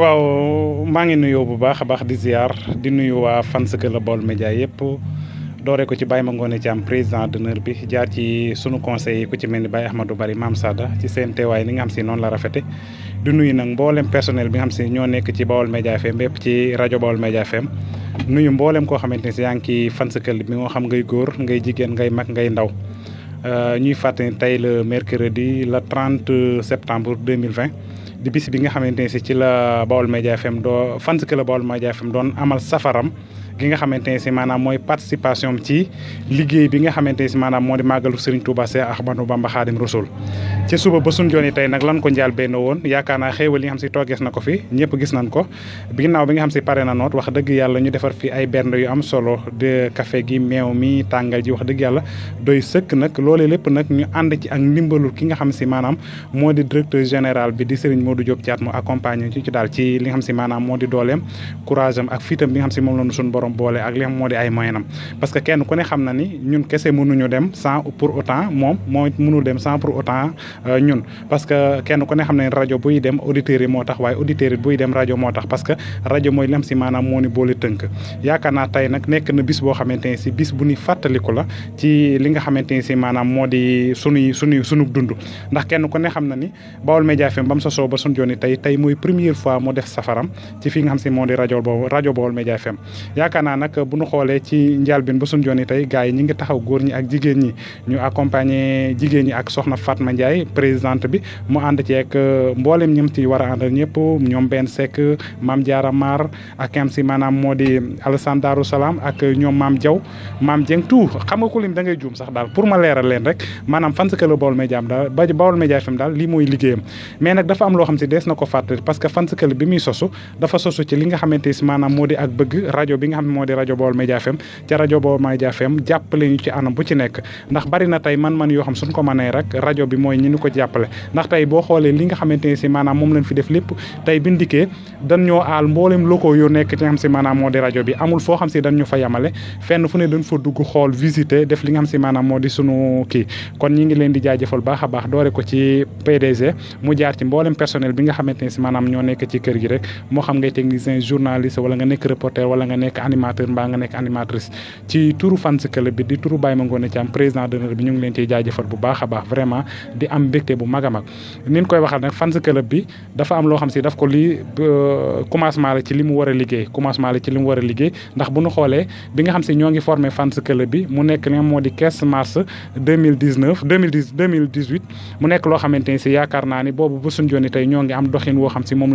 waaw maa ngi nuyoo bu baax a baax di ziar di nuyu waa fans club Baol Médias yëpp dooree ko ci Baye Mangoné Thiam président d'honneur bi jaar ci sunu conseil ku ci mel ni Baye Ahmadou Bari maam Sada ci seen teewaay ni nga xam si noonu la rafete di nuyu nag mboolem personnel bi nga xam si ñoo nekk ci Baol Médias FM yëpp ci rajo Baol Médias FM nuyu mboolem koo xamante ne si yaa ngi ci fans club bi xam ngay góor ngay jigéen ngay mag ngay ndaw Euh, ñuy fàttali tey le mercredi trente 30 septembre 2020 di bis bi nga xamante ne si ci la Baol Média FM doo fans que la Baol Média FM doon amal safaram gi nga xamante ne si maanaam mooy participation ci liggéey bi nga xamante ne si maanaam moo di màggalu Serigne Touba ci lan ko njaal benn woon yaakaar naa xéewal na ko fi na noot wax dëgg yàlla ñu defar fi ay bernde yu am solo de café wax dëgg yàlla doy sëkk nag loolee lépp nag ñu ànd ci ak ki nga xam si maanaam moo di directeur général bi di Serigne Modou Diop Thiat mu accompagné ci ci daal ci li moo di dooleem courage am ak fiitam bi nga xam si moom la nu suñ borom borom boole ak li moo di ay moyenam parce que kenn ku ne xam na ni ñun kese mënuñu dem sans pour autant moom moo mënul dem sans pour autant euh, ñun parce que kenn ku ne xam na ni rajo buy dem auditeurs yi moo tax waaye auditeurs yi buy dem rajo moo tax parce que rajo mooy lem si maanaam moo ni tënk yaakaar naa tey nag nekk na bis boo xamante ne si bis bu ni fàttaliku la ci li nga xamante ne si maanaam moo di sunuy sunuy sunu dund ndax kenn ku ne xam na ni Baol Média FM ba mu sosoo ba suñu jooni tey tey mooy première fois moo def safaram ci fi nga xam si moo di rajo boobu rajo Baol Média FM yaakaar naa nag bu ñu xoolee ci njëlbéen ba suñu jooni tey gars yi ñi ngi taxaw góor ñi ak jigéen ñi ñu accompagner jigéen ñi ak soxna Fatma Ndiaye présidente bi mu ànd ceeg euh, mboolem ñim ci war a àndal ñëpp ñoom benn sekk maam Diarra Mar ak am si maanaam di Alassane Darou Salaam ak ñoom maam Diaw maam Dieng daal ba Baol Média FM daal lii mooy liggéeyam mais nag dafa am loo xam si dees na ko fàttali parce que fan bi muy sosu dafa sosu ci li nga xamante si maanaam moo di ak bëgg rajo bi nga xam moo di rajo Baol Média FM ca rajo Baol Média FM jàppale ñu ci anam bu ci nekk ndax bari na tey man-man yoo xam suñ ko mënee rek rajo bi mooy ñi ñu ko jàppale ndax tey boo xoolee li nga xamante si maanaam ñoo nekk ci a kër gi rek moo xam ngay technicien journaliste wala nga nekk reporter wala nga nekk animateur mbaa nga nekk animatrice ci turu fans bi di turu Baye Mangoné Thiam président d'honneur bi ñu ngi leen ciy jaajëfal bu baax a baax vraiment di am mbégte bu mag a mag nin koy waxal nag fans bi dafa am loo xam si daf ko lii euh, commencement la ci li mu war a liggéey commencement la ci li mu war a liggéey ndax bu ñu xoolee bi nga xam si ñoo ngi formé fans bi mu nekk li moo di 15 mars 2019 2010 2018 mu nekk loo xamante ni si yaakaar naa ni boobu ba suñ joni tey ñoo ngi am doxin woo xam si moom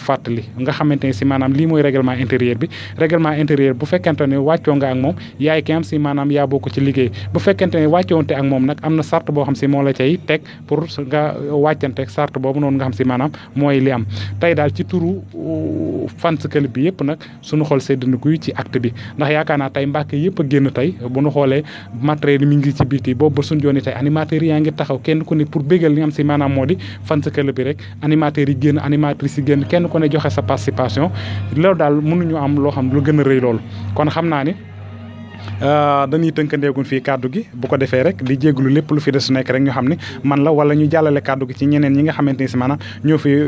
fàttali nga xamante ne si maanaam lii mooy règlement intérieur bi règlement intérieur bu fekkente ne wàccoo nga ak moom am si maanaam yaa bokk ci liggéey bu fekkente ne wàccoonte ak moom nag am na sart boo xam si moo la cay teg pour nga wàccante sart boobu noonu mooy li am tey daal ci turu uh, fans club bi yëpp nag suñu xool sedd na guy ci acte bi ndax yaakaar naa tey mbàkk yëpp a génn tey bu ñu xoolee matériel mi ngi ci biti boobu ba suñu jooni tey animateurs yaa ngi taxaw kenn ku ne pour bégal li am si moo di fans club bi rek animateurs génn animatrices yi génn kenn ku ne joxe sa parcipation loolu daal mënuñu am loo xam lu gën a rëy loolu kon xam naa ni Euh, dañuy tënkandeegun fii kaddu gi bu ko defee rek di jégalu lépp lu fi des nekk rek ñu xam ne man la wala ñu jàllale kàddu gi ci ñeneen ñi nga xamante ni si maanaam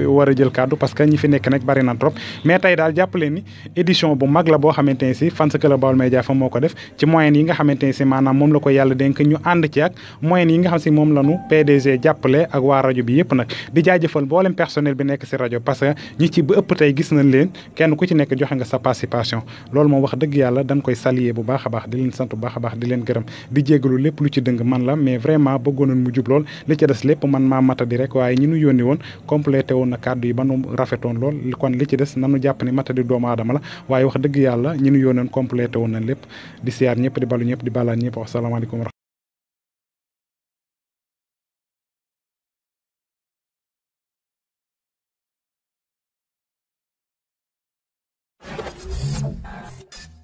war a jël que ñi fi nekk nag bari na trop mais tey daal jàpp leen ni édition bu la boo xamante ni si Fans Club Baol Média ko def ci yi nga xamante ni si maanaam moom la ko yàlla dénk ñu ànd ci nga xam si moom la ñu PDG jàppale ak waa rajo bi yëpp nag di jaajëfal mboolem personnel bi nekk si rajo parce que ñi ci ba ëpp nañ leen ku ci nekk nga sa participation loolu moom wax dëgg yàlla dañ koy saluer bu baax a baax baax di leen sant bu baax a baax di leen gërëm di jéggalu lépp lu ci dëng man la mais vraiment bëggoonoon mu jub lool li ci des lépp man maa matadi rek waaye ñi nu yónni woon complété woon na kàddu yi ba nu rafetoon lool kon li ci des nanu jàpp ni matadi doomu aadama la waaye wax dëgg yàlla ñi nu yónnoon complété woon na lépp di siyaar ñëpp di balu ñëpp di balaan ñëpp wasalaamaaleykum Thank